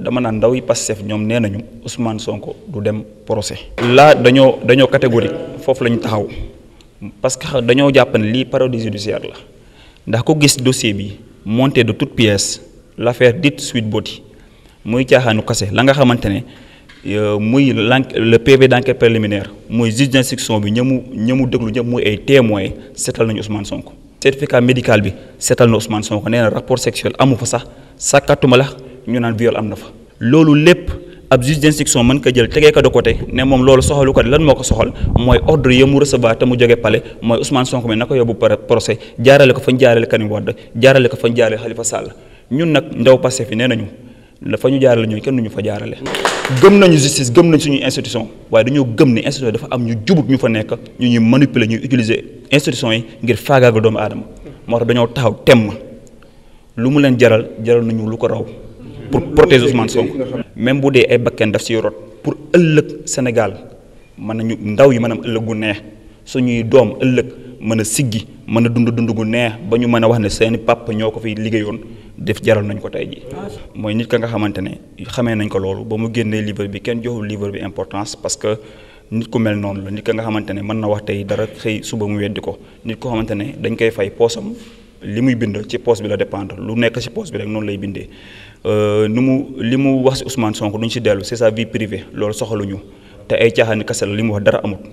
dama naan ndaw yi Pastef ñoom nee nañu Ousmane Sonko du dem procès. là dañoo dañoo catégorique foofu la ñu taxaw parce que dañoo jàpp ne lii parodie judiciaire la ndax ko gis dossier bi monté de tout pièces l' affaire dite Sweet Beauté muy caaxaanu kase la nga xamante ne euh, muy le PV d' enquête préliminaire muy juge d' instruction bi ñamu ñamu déglu ñëpp muy ay témoins seetal nañu Ousmane Sonko. certificat médical bi seetal na Ousmane Sonko nee na rapport sexuel amu fa sax sàkkatuma la ñu naan viol am na fa loolu lépp ab juge d'instruction mën ko jël tegee ko de côté ne moom loolu soxalu ko lan moo ko soxal mooy ordre ya mu recevoir te mu jóge palais mooy Ousmane Sonko mi na ko yóbbu procès jaarale ko fañ jaarale Karim Wade jaarale ko fañ jaarale Khalifa Sall ñun nag ndaw Pastef fi nee nañu dafa ñu jaarale ñooy kenn du ñu fa jaarale. gëm nañu justice gëm nañ suñuy institution waaye dañoo gëm ne institution dafa am ñu jubut ñu fa nekk ñu ñuy manipuler ñuy utiliser institution yi ngir faagaagal doomu aadama moo dañoo taxaw temm lu mu leen jaral jaral nañu lu ko raw. pour protéger Ousmane Sonko même bu dee ay bakken daf siy rot pour ëllëg Sénégal mën nañu ndaw yi maanaam ëllëg gu neex suñuy doom ëllëg mën a siggi mën a dund dund gu neex ba ñu mën a wax ne seeni papa ñoo ko fiy liggéeyoon def jaral nañ ko tey mooy nit ka nga xamante ne xamee nañ ko loolu ba mu génnee livre bi kenn joxul livre bi importance parce que nit ku mel noonu la nit ka nga xamante ne mën na wax tey dara xëy suba mu weddi ko nit ko xamante ne dañ koy fay poosam li muy bind ci poste bi la dépendre lu nekk ci poste bi rek noonu lay bindee euh, nu mu li mu wax ci Ousmane Sonko duñ si dellu c'est sa vie privée loolu ñu te ay caaxaani kese la li mu wax dara amut